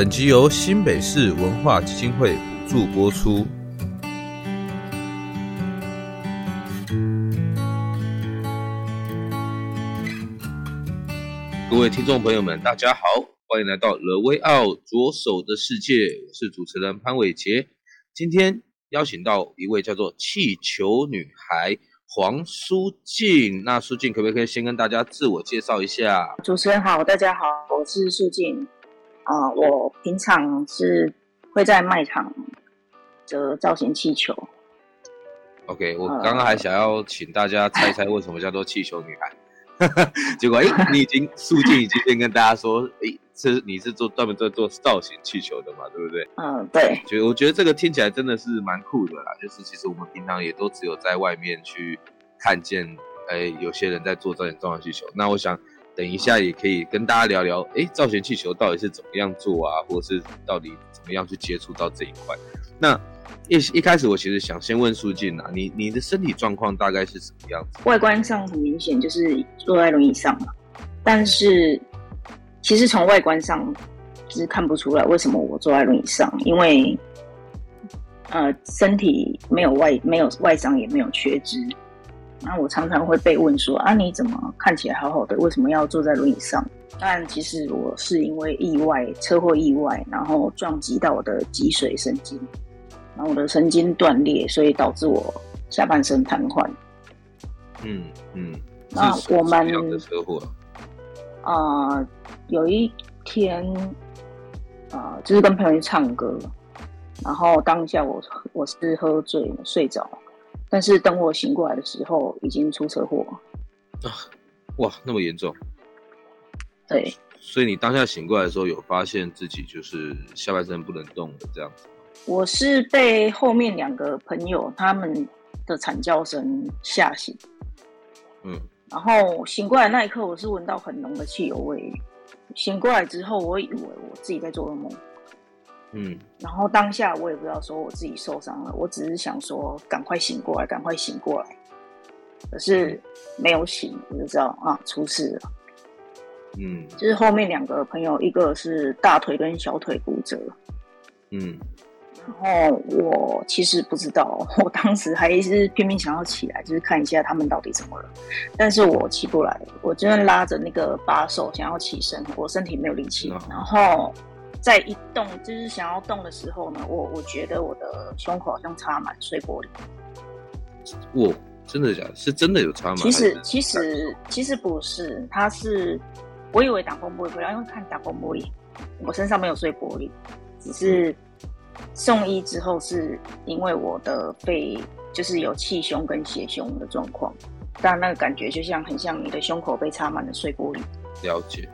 本集由新北市文化基金會補助播出。各位聽眾朋友們，大家好，歡迎來到 The Way Out 左手的視界，我是主持人潘偉杰。今天邀請到一位叫做氣球女孩黃述淨，那述淨可不可以先跟大家自我介紹一下？主持人好，大家好，我是述淨。啊、呃，我平常是會在賣場就造型氣球。OK，我剛剛還想要請大家猜一猜為什麼叫做氣球女孩， 結果哎、欸，你已經述淨 已經先跟大家說，哎、欸，這你是做專門做做造型氣球的嘛，對不對？嗯，對。就我覺得這個聽起來真的是蠻酷的啦，就是其實我們平常也都只有在外面去看見，哎、欸，有些人在做造型造型氣球。那我想。等一下，也可以跟大家聊聊，哎、欸，造型氣球到底是怎麼樣做啊，或者是到底怎麼樣去接觸到這一塊？那一一開始，我其實想先問述淨啊，你你的身體狀況大概是什麼樣子？外觀上很明顯就是坐在輪椅上，但是其實從外觀上就是看不出來為什麼我坐在輪椅上，因為呃，身體沒有外沒有外傷，也沒有缺肢。那我常常會被問說啊，你怎麼看起來好好的，為什麼要坐在輪椅上？但其實我是因為意外車禍意外，然後撞擊到我的脊髓神經，然後我的神經斷裂，所以導致我下半身癱瘓。嗯嗯。那我們車禍啊，呃，有一天啊，呃，就是跟朋友去唱歌，然後當下我我是喝醉了睡着了。但是等我醒過來的時候，已經出車禍、啊、哇，那麼嚴重。對，所以你當下醒過來的時候，有發現自己就是下半身不能動的這樣子嗎？我是被後面兩個朋友他們的慘叫聲嚇醒，嗯，然後醒過來那一刻，我是聞到很濃的汽油味。醒過來之後，我以為我自己在做噩夢。嗯，然後當下我也不知道說我自己受傷了，我只是想說趕快醒過來，趕快醒過來，可是沒有醒，我就知道啊，出事了。嗯，就是後面兩個朋友，一個是大腿跟小腿骨折。嗯，然後我其實不知道，我當時還是拼命想要起來，就是看一下他們到底怎麼了，但是我起不來，我真的拉着那個把手想要起身，我身體沒有力氣，哦、然後。在一動，就是想要動的時候呢，我我覺得我的胸口好像插滿碎玻璃。哦，真的假的？是真的有插滿？其實其實其實不是，它是，我以為擋風玻璃，因為看擋風玻璃，我身上沒有碎玻璃，只是送醫之後，是因為我的背就是有氣胸跟血胸的狀況，但那個感覺就像很像你的胸口被插滿了碎玻璃。了解。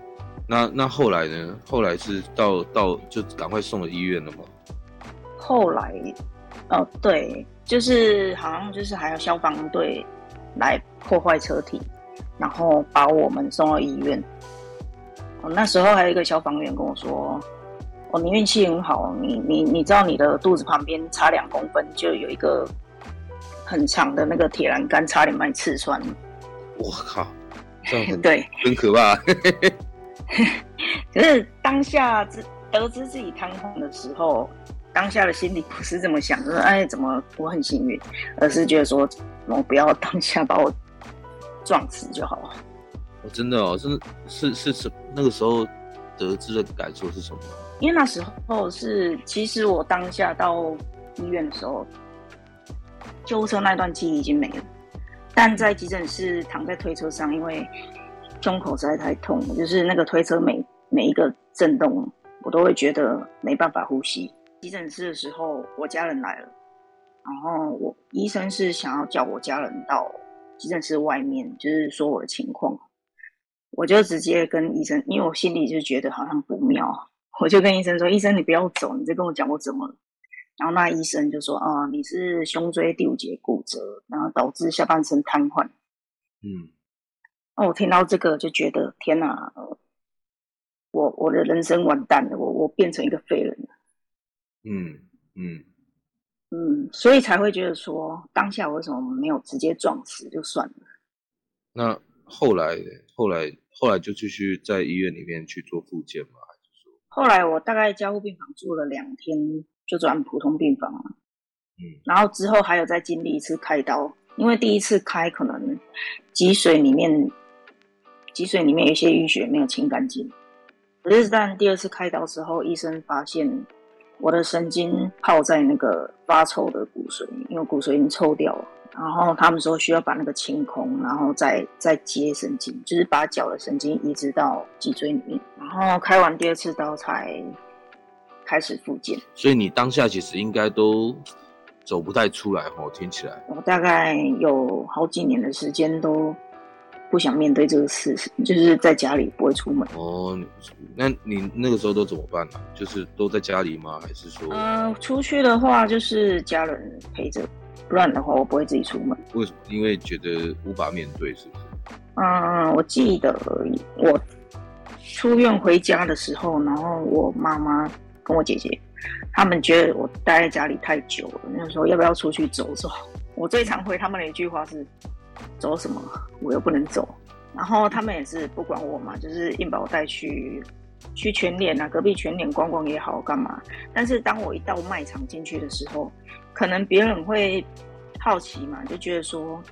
那那後來呢？後來是到到就趕快送到醫院了嗎？後來，哦對，就是好像就是還有消防隊來破壞車體，然後把我們送到醫院。哦。那時候還有一個消防員跟我說：“我、哦、你運氣很好，你你你知道你的肚子旁邊差兩公分就有一個很長的那個鐵欄杆，差點把你刺穿。”我靠，這樣很 對，很可怕，啊。 可 是當下知得知自己癱瘓的時候，當下的心裡不是這麼想說，就是哎，怎麼我很幸運，而是覺得說，我不要當下把我撞死就好了。我、哦、真的哦，是是是是，那個時候得知的感受是什麼？因為那時候是，其實我當下到醫院的時候，救護車那段記憶已經沒了，但在急診室躺在推車上，因為。胸口實在太痛，就是那個推車每每一個震動，我都會覺得沒辦法呼吸。急診室的時候，我家人來了，然後我醫生是想要叫我家人到急診室外面，就是說我的情況，我就直接跟醫生，因為我心裡就覺得好像不妙，我就跟醫生說：“醫生，你不要走，你再跟我講我怎麼了。”然後那醫生就說：“啊，你是胸椎第五節骨折，然後導致下半身癱瘓。”嗯。哦，我聽到這個就覺得天哪、啊！我我的人生完蛋了，我我變成一個廢人了。嗯嗯嗯，所以才會覺得說，當下為什麼沒有直接撞死就算了？那後來、欸、後來後來就繼續在醫院裡面去做復健嘛，還、就是說，後來我大概加護病房住了兩天，就轉普通病房了。嗯，然後之後還有再經歷一次開刀，因為第一次開可能脊髓裡面。脊髓裡面有一些淤血沒有清乾淨，可是但第二次開刀之後，醫生發現我的神經泡在那個發臭的骨髓，因為骨髓已經臭掉了。然後他們說需要把那個清空，然後再再接神經，就是把腳的神經移植到脊椎裡面。然後開完第二次刀才開始復健。所以你當下其實應該都走不太出來哦？聽起來。我大概有好幾年的時間都不想面對這個事實，就是在家裡不會出門。哦，那你那個時候都怎麼辦呢、啊？就是都在家裡嗎？還是說……嗯、呃，出去的話就是家人陪着，不然的話我不會自己出門。為什麼？因為覺得無法面對是什麼，是不是？嗯，我記得我出院回家的時候，然後我媽媽跟我姐姐，他們覺得我待在家裡太久了，那時候要不要出去走走。我最常回他們的一句話是。走什麼？我又不能走。然後他們也是不管我嘛，就是硬把我帶去，去全聯啊，隔壁全聯逛逛也好干嘛。但是當我一到賣場進去的時候，可能別人會好奇嘛，就覺得說，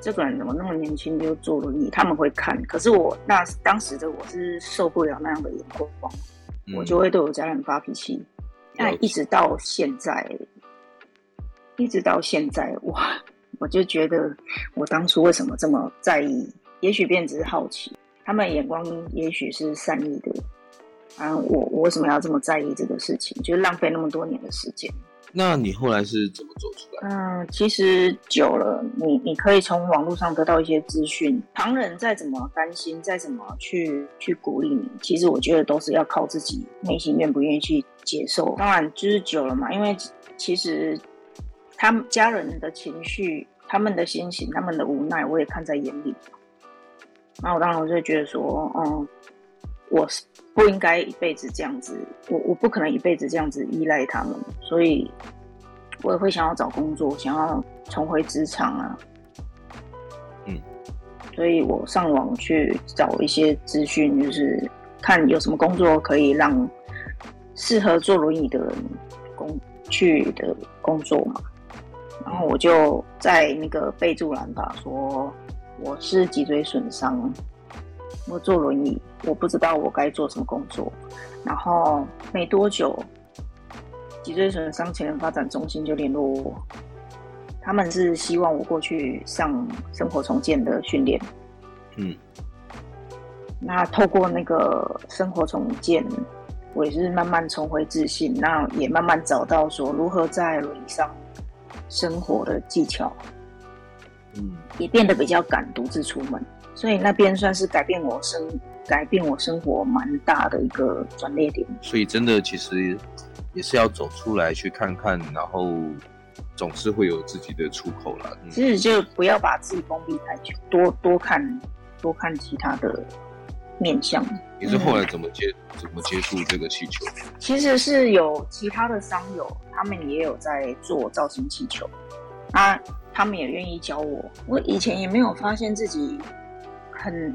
這個人怎麼那麼年輕就坐輪椅？他們會看。可是我那當時的我是受不了那樣的眼光，mm hmm. 我就會對我家人發脾氣。那 Yep. 一直到現在，一直到現在，哇！我就覺得，我當初為什麼這麼在意？也許變只是好奇，他們眼光也許是善意的。啊、嗯，我我為什麼要這麼在意這個事情？就浪費那麼多年的時間。那你後來是怎麼做出來的？嗯，其實久了，你你可以從網絡上得到一些資訊。旁人再怎麼擔心，再怎麼去去鼓勵你，其實我覺得都是要靠自己內心願不願意去接受。當然，就是久了嘛，因為其實他們家人的情緒。他們的心情，他們的無奈，我也看在眼裡。那我當然我就覺得說，嗯，我是不應該一輩子這樣子，我我不可能一輩子這樣子依賴他們，所以我也會想要找工作，想要重回職場啊。嗯，所以我上網去找一些資訊，就是看有什麼工作可以讓適合坐輪椅的人工去的工作嘛。然後我就在那個備注欄打說，我是脊椎損傷，我坐輪椅，我不知道我該做什麼工作。然後沒多久，脊椎損傷潛能發展中心就聯絡我，他們是希望我過去上生活重建的訓練。嗯，那透過那個生活重建，我也是慢慢重回自信，那也慢慢找到說如何在輪椅上生活的技巧，嗯，也變得比較敢獨、嗯、自出門，所以那邊算是改變我生、改變我生活蠻大的一個轉捩點。所以真的，其實也是要走出來去看看，然後總是會有自己的出口了。嗯、其實就不要把自己封閉太久，多多看、多看其他的。面向的，你是後來怎麼接、嗯、怎麼接觸這個氣球？其實是有其他的傷友，他們也有在做造型氣球，啊，他們也願意教我。我以前也沒有發現自己很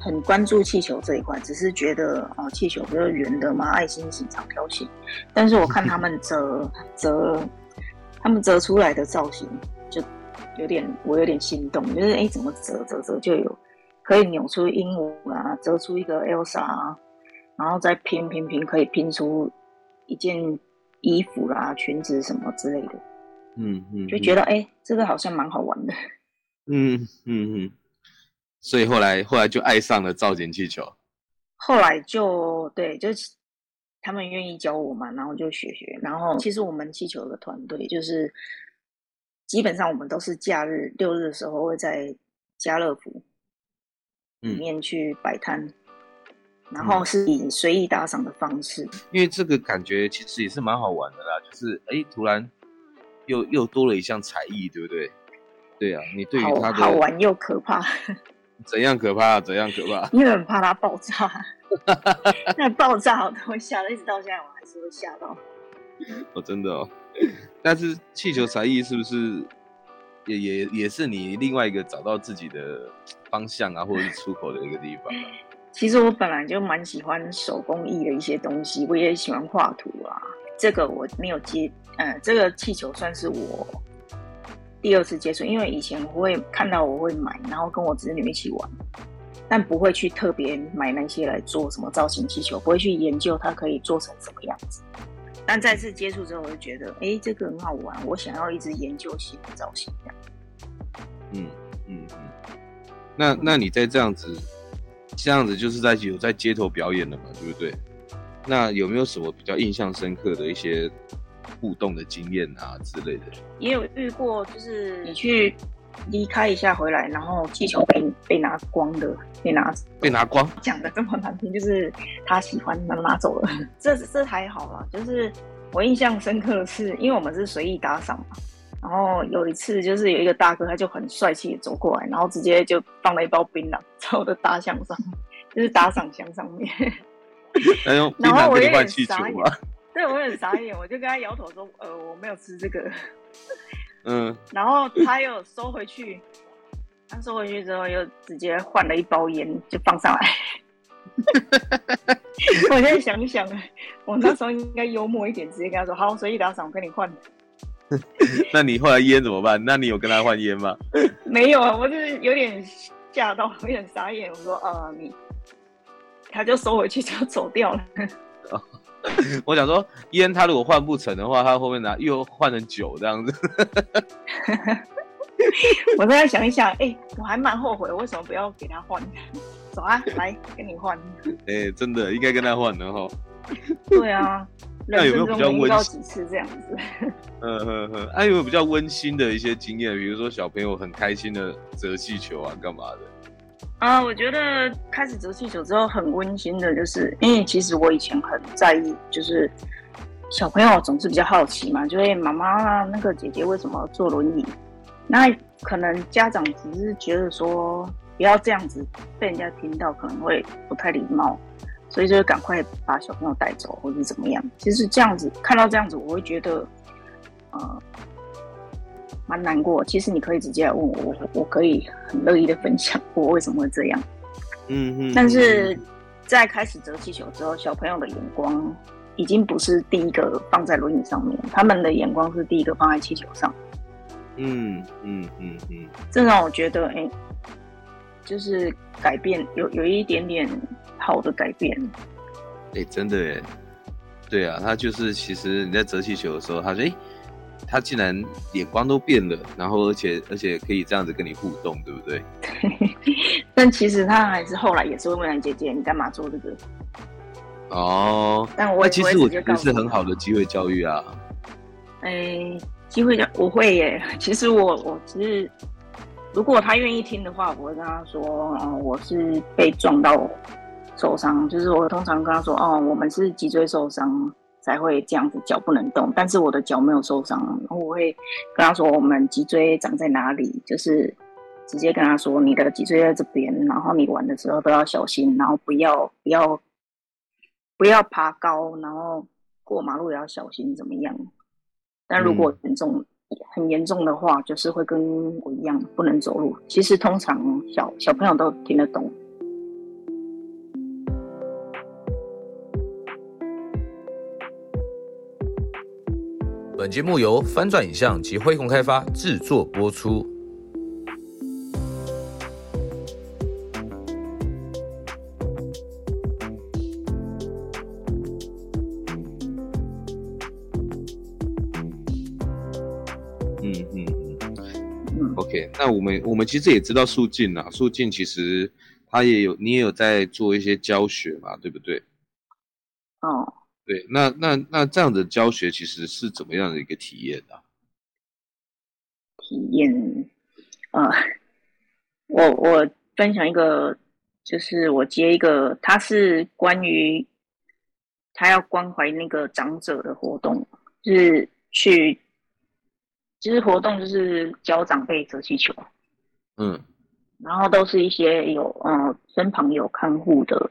很關注氣球這一塊，只是覺得啊，氣球不是圓的嗎？愛心形長條形。但是我看他們折折， 他們折出來的造型就有點，我有點心動，就是哎、欸，怎麼折折折就有。可以扭出鸚鵡啊，折出一個 Elsa 啊，然後再拼拼拼，可以拼出一件衣服啦、啊、裙子什麼之類的。嗯嗯，嗯嗯就覺得誒、欸，這個好像蠻好玩的。嗯嗯嗯，所以後來後來就愛上了造型氣球。後來就對，就他們願意教我嘛，然後就學學。然後其實我們氣球的團隊就是，基本上我們都是假日六日的時候會在家樂福，嗯、裡面去擺攤，然後是以隨意打賞的方式、嗯。因為這個感覺其實也是蠻好玩的啦，就是哎、欸，突然又又多了一項才藝，對不對？對啊，你對於他的好，好玩又可怕， 怎樣可怕、啊？怎樣可怕、啊？因為很怕他爆炸，那 爆炸我嚇了，一直到現在我還是會嚇到。我、 哦、真的哦， 但是氣球才藝是不是？也也也是你另外一個找到自己的方向啊，或者是出口的一個地方。其實我本來就蠻喜歡手工藝的一些東西，我也喜歡畫圖啊。這個我沒有接，嗯、呃，這個氣球算是我第二次接觸，因為以前我會看到我會買，然後跟我侄女一起玩，但不會去特別買那些來做什麼造型氣球，不會去研究它可以做成什麼樣子。但再次接觸之後，我就覺得，哎、欸，這個很好玩，我想要一直研究新造型。嗯嗯嗯，那那你在這樣子，這樣子就是在有在街頭表演的嘛，對不對？那有沒有什麼比較印象深刻的一些互動的經驗啊之類的？也有遇過，就是你去。離開一下，回來，然後氣球被被拿光的，被拿被拿光，講得這麼難聽，就是他喜歡拿拿走了。這這還好啦、啊，就是我印象深刻的是，因為我們是隨意打賞嘛，然後有一次就是有一個大哥他就很帥氣的走過來，然後直接就放了一包檳榔在我的大象上，就是打賞箱上面，冰球然後我有點傻眼，對，我很傻眼，我就跟他搖頭說，呃，我沒有吃這個。嗯，然後他又收回去，他收回去之後又直接換了一包煙就放上來。 我現在想一想，我那時候應該幽默一點，直接跟他說：“好，隨意打賞，我跟你換。” 那你後來煙怎麼辦？那你有跟他換煙嗎？沒有啊，我就是有點嚇到，有點傻眼。我說：“啊，你……”他就收回去，就走掉了。哦我想說，煙，他如果換不成的話，他後面拿又換成酒這樣子。呵呵 我再想一想，哎、欸，我還蠻後悔，為什麼不要給他換？走啊，來跟你換。哎、欸，真的應該跟他換的哈。對啊，那有沒有比較溫馨幾次這樣子？嗯嗯嗯，沒、啊、有比較溫馨的一些經驗，比如說小朋友很開心的折氣球啊，幹嘛的。啊，我覺得開始折氣球之後很溫馨的，就是因為其實我以前很在意，就是小朋友總是比較好奇嘛，就會媽媽啊，那個姐姐為什麼要坐輪椅？那可能家長只是覺得說不要這樣子被人家聽到可能會不太禮貌，所以就趕快把小朋友帶走或者怎麼樣。其實這樣子看到這樣子，我會覺得啊。呃蠻難過，其實你可以直接來問我，我，我可以很樂意的分享我為什麼會這樣。嗯哼嗯哼。但是在開始折氣球之後，小朋友的眼光已經不是第一個放在輪椅上面，他們的眼光是第一個放在氣球上。嗯嗯嗯嗯。這、嗯、讓、嗯、我覺得，哎、欸，就是改變有有一點點好的改變。哎、欸，真的耶，對啊，他就是其實你在折氣球的時候，他說，哎、欸。他竟然眼光都變了，然後而且而且可以這樣子跟你互動，對不對？ 但其實他還是後來也是問未姐姐，你幹嘛做這個？哦。但我也其實我覺得是很好的機會教育啊。哎，機會教我會耶。其實我我是，如果他願意聽的話，我會跟他說，哦、呃，我是被撞到受傷，就是我通常跟他說，哦，我們是脊椎受傷。才會這樣子，腳不能動。但是我的腳沒有受傷，然後我會跟他說，我們脊椎長在哪裡，就是直接跟他說，你的脊椎在這邊，然後你玩的時候都要小心，然後不要不要不要爬高，然後過馬路也要小心，怎麼樣？但如果很嚴重、嗯、很嚴重的話，就是會跟我一樣不能走路。其實通常小小朋友都聽得懂。本節目由翻轉影像及恢鴻開發製作播出。嗯嗯嗯嗯，OK，那我們我們其實也知道述淨啊，述淨其實他也有，你也有在做一些教學嘛，對不對？哦、嗯。對，那那那這樣的教學其實是怎麼樣的一個體驗啊？體驗啊，呃、我我分享一個，就是我接一個，他是關於他要關懷那個長者的活動，就是去，其實，就是活動就是教長輩折氣球，嗯，然後都是一些有嗯、呃、身旁有看護的。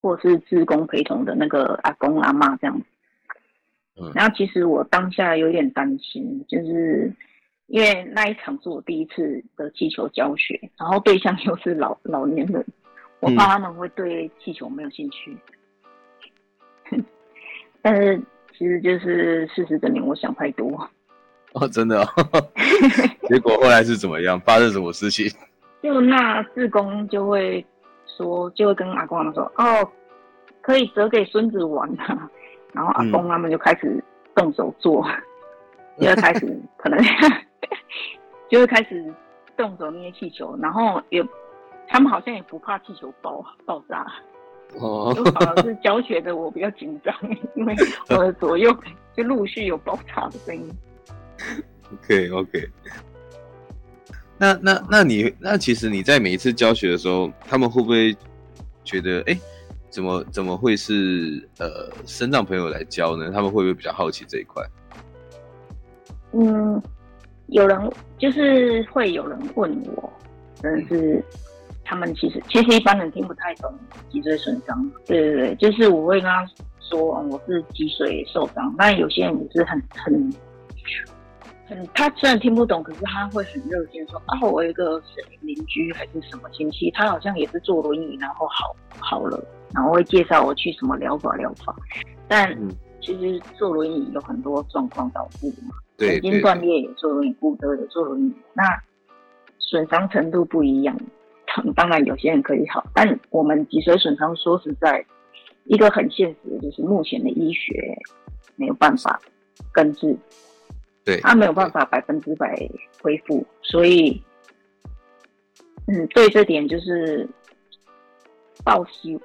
或是志工陪同的那個阿公阿媽這樣然後、嗯、其實我當下有點擔心，就是因為那一場是我第一次的氣球教學，然後對象又是老老年人，我怕他們會對氣球沒有興趣。嗯、 但是其實就是事實證明，我想太多。哦，真的，哦，呵呵 結果後來是怎麼樣？發生什麼事情？就那志工就會。說就會跟阿公他們說，哦，可以折給孫子玩啊，然後阿公他們就開始動手做，嗯，就開始可能 就會開始動手捏氣球，然後也他們好像也不怕氣球爆爆炸，哦，就好像是教學的我比較緊張， 因為我的左右就陸續有爆炸的聲音。OK OK。那那那你那其實你在每一次教學的時候，他們會不會覺得哎、欸，怎麼怎麼會是呃，身障朋友來教呢？他們會不會比較好奇這一塊？嗯，有人就是會有人問我，但是他們其實其實一般人聽不太懂脊椎損傷。對對對，就是我會跟他說，嗯、我是脊髓受傷，但有些人也是很很。嗯、他雖然聽不懂，可是他會很熱心說：“哦、啊，我一個鄰居還是什麼親戚，他好像也是坐輪椅，然後好好了，然後會介紹我去什麼療法療法。”但其實坐輪椅有很多狀況導致的嘛，對，神經斷裂也坐輪椅，骨折也坐輪椅，那損傷程度不一樣。當當然，有些人可以好，但我們脊髓損傷，說實在，一個很現實的就是目前的醫學沒有辦法根治。對他沒有辦法百分之百恢復，所以，嗯，對這點就是抱希，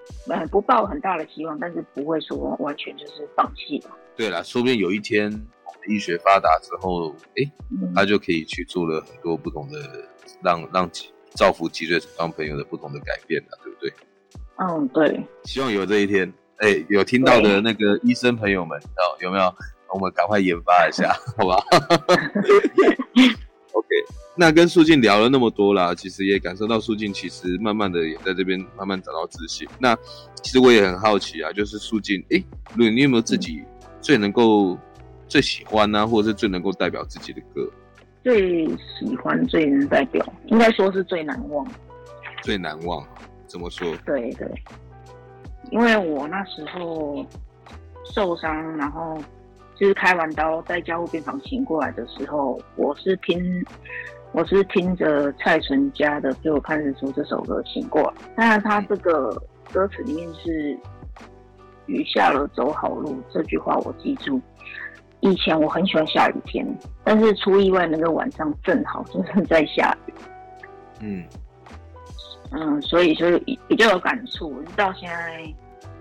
不抱很大的希望，但是不會說完全就是放棄嘛。對了，說不定有一天醫學發達之後，哎、欸，嗯、他就可以去做了很多不同的，讓讓造福脊椎這幫朋友的不同的改變了、啊，對不對？嗯，對，希望有這一天。哎、欸，有聽到的那個醫生朋友們，對有沒有？我們趕快研發一下，好吧 ？OK。那跟述淨聊了那麼多啦，其實也感受到述淨其實慢慢的也在這邊慢慢找到自信。那其實我也很好奇啊，就是述淨，哎、欸，你你有沒有自己最能夠最喜歡啊，或者是最能夠代表自己的歌？最喜歡、最能代表，應該說是最難忘。最難忘，怎麼說？對對，因為我那時候受傷，然後。就是開完刀在加護病房醒過來的時候，我是聽我是聽着蔡淳佳的《陪我看日出》這首歌醒過來。當然，他這個歌詞裡面是“雨下了，走好路”這句話，我記住。以前我很喜歡下雨天，但是出意外那個晚上正好就是在下雨。嗯嗯，所以就是比較有感觸。直到現在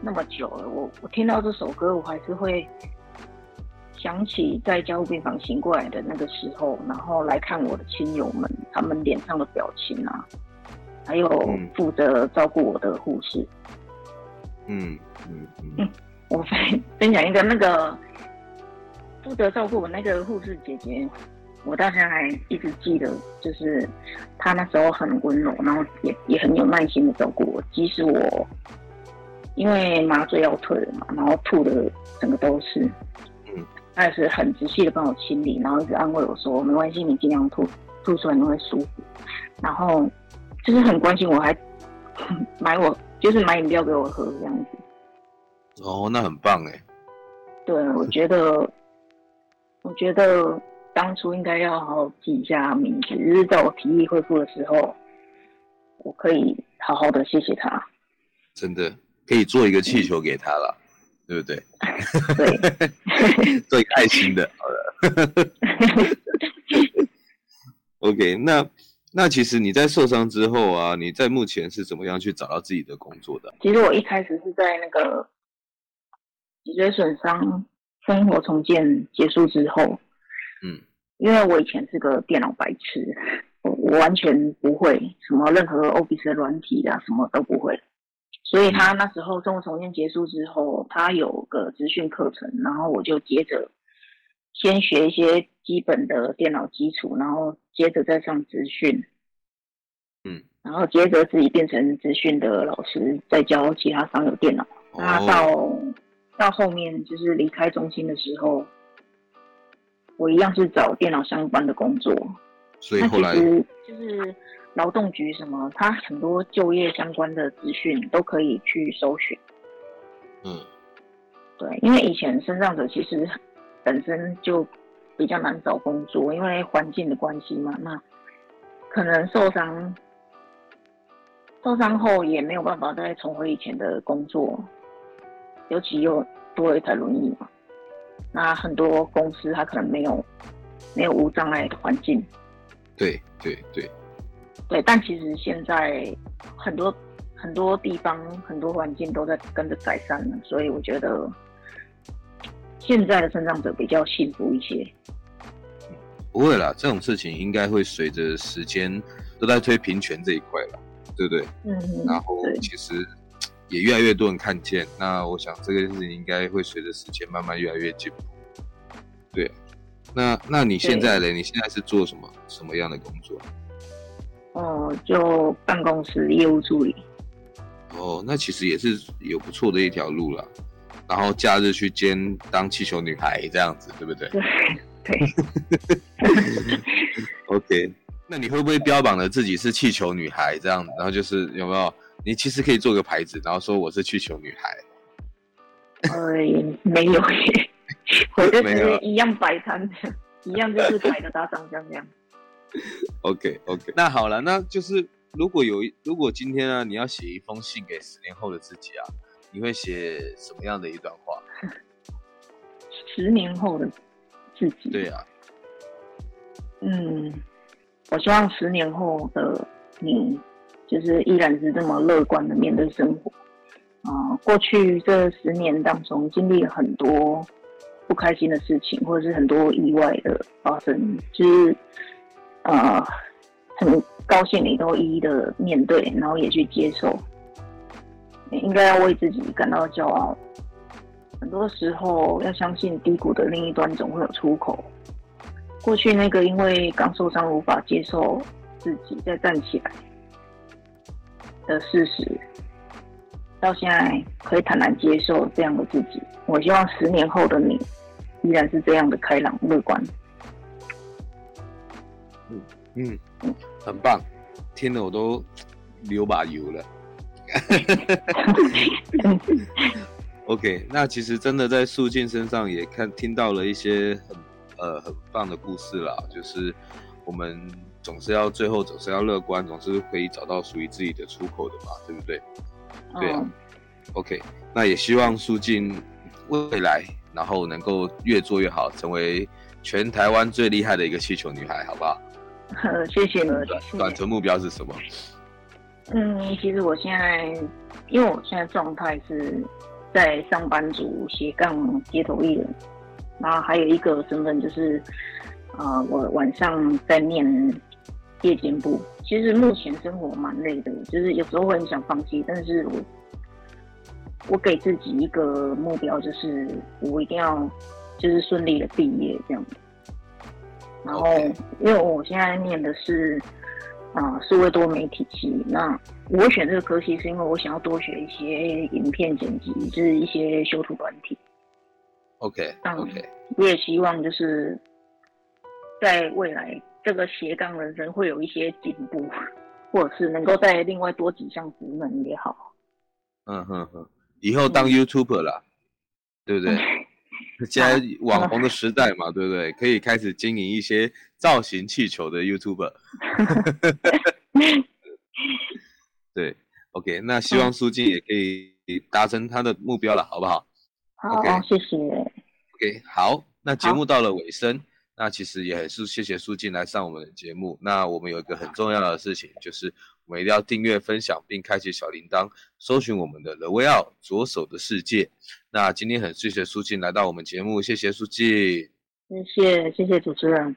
那麼久了，我我聽到這首歌，我還是會。想起在加護病房醒過來的那個時候，然後來看我的親友們，他們臉上的表情啊，還有負責照顧我的護士，嗯嗯嗯，嗯嗯嗯，我分、分享一個那個負責照顧我那個護士姐姐，我到現在還一直記得，就是她那時候很溫柔，然後也也很有耐心的照顧我，即使我因為麻醉要退了嘛，然後吐的整個都是。也是很仔細的幫我清理，然後一直安慰我說：“沒關係，你儘量吐吐出來你會舒服。”然後就是很關心我還，還買我就是買飲料給我喝這樣子。哦，那很棒哎。對，我覺得，我覺得當初應該要好好記一下名字。就是在我體力恢復的時候，我可以好好的謝謝他。真的可以做一個氣球給他了。嗯對不對？對， 愛心的， 好的。 OK，那那其實你在受傷之後啊，你在目前是怎麼樣去找到自己的工作的？其實我一開始是在那個脊椎損傷生活重建結束之後，嗯，因為我以前是個電腦白痴，我，我完全不會什麼任何 Office 軟體啊，什麼都不會。所以他那時候生活重建結束之後，他有個資訊課程，然後我就接着先學一些基本的電腦基礎，然後接着再上資訊，嗯、然後接着自己變成資訊的老師，再教其他傷友電腦。那、哦、到到後面就是離開中心的時候，我一樣是找電腦相關的工作。所以後來其實就是。勞動局什麼？他很多就業相關的資訊都可以去搜尋。嗯，對，因為以前身障者其實本身就比較難找工作，因為環境的關係嘛。那可能受傷，受傷後也沒有辦法再重回以前的工作，尤其又多了一台輪椅嘛。那很多公司他可能沒有、沒有無障礙環境。對對對。對對對，但其實現在很多很多地方，很多環境都在跟着改善了，所以我覺得現在的成長者比較幸福一些。不會啦，這種事情應該會隨着時間都在推平權這一塊，對不對？嗯哼，然後其實也越來越多人看見。對那我想這個事情應該會隨着時間慢慢越來越進步。對，那那你現在呢？對你現在是做什麼什麼樣的工作？哦、嗯，就辦公室業務助理。哦，那其實也是有不錯的一條路啦。然後假日去兼當氣球女孩這樣子，對不對？對對。對 OK，那你會不會標榜的自己是氣球女孩這樣子？然後就是有沒有？你其實可以做個牌子，然後說我是氣球女孩。 呃，沒有，我就直接一樣擺攤，有一樣就是擺個大商箱這樣。 OK OK，那好了，那就是如果有如果今天呢，啊？你要寫一封信給十年後的自己啊，你會寫什麼樣的一段話？ 十年後的自己，對啊，嗯，我希望十年後的你，就是依然是這麼樂觀的面對生活啊，嗯。過去這十年當中，經歷了很多不開心的事情，或者是很多意外的發生，就是。呃，很高興你都一一的面對，然後也去接受，欸，應該要為自己感到驕傲。很多時候要相信低谷的另一端總會有出口。過去那個因為剛受傷無法接受自己再站起來的事實，到現在可以坦然接受這樣的自己，我希望十年後的你依然是這樣的開朗樂觀。嗯，很棒，聽的我都流把油了。哈哈哈 OK，那其實真的在述淨身上也看聽到了一些很呃很棒的故事啦，就是我們總是要最後總是要樂觀，總是可以找到屬於自己的出口的嘛，對不對？對啊。OK，那也希望述淨未來然後能夠越做越好，成為全台灣最厲害的一個氣球女孩，好不好？呃，謝謝你。短折目標是什麼？嗯，其實我現在，因為我現在狀態是在上班族斜槓街頭藝人，然後還有一個身份就是，啊、呃，我晚上在念夜間部。其實目前生活蠻累的，就是有時候會很想放棄，但是我，我給自己一個目標，就是我一定要就是順利的畢業這樣然後，Okay. 因為我現在念的是啊，數、呃、位多媒體系。那我選這個科系是因為我想要多學一些影片剪輯，嗯、就是一些修圖軟體 OK。OK。我也希望就是在未來這個斜槓人生會有一些進步，或者是能夠在另外多幾項職能也好。嗯哼哼，嗯嗯、以後當 YouTuber 了，嗯、對不對？Okay. 現在網紅的時代嘛，啊、對不對？可以開始經營一些造型氣球的 YouTuber。 對，OK，那希望述淨也可以達成她的目標了，好不好？Okay. 好、啊，謝謝。OK，好，那節目到了尾聲，好那其實也是謝謝述淨來上我們的節目。那我們有一個很重要的事情就是。我們一定要訂閱、分享，並開啟小鈴鐺。搜尋我們的 “The Way Out 左手的視界”。那今天很謝謝述淨來到我們節目，謝謝述淨，謝謝謝謝主持人。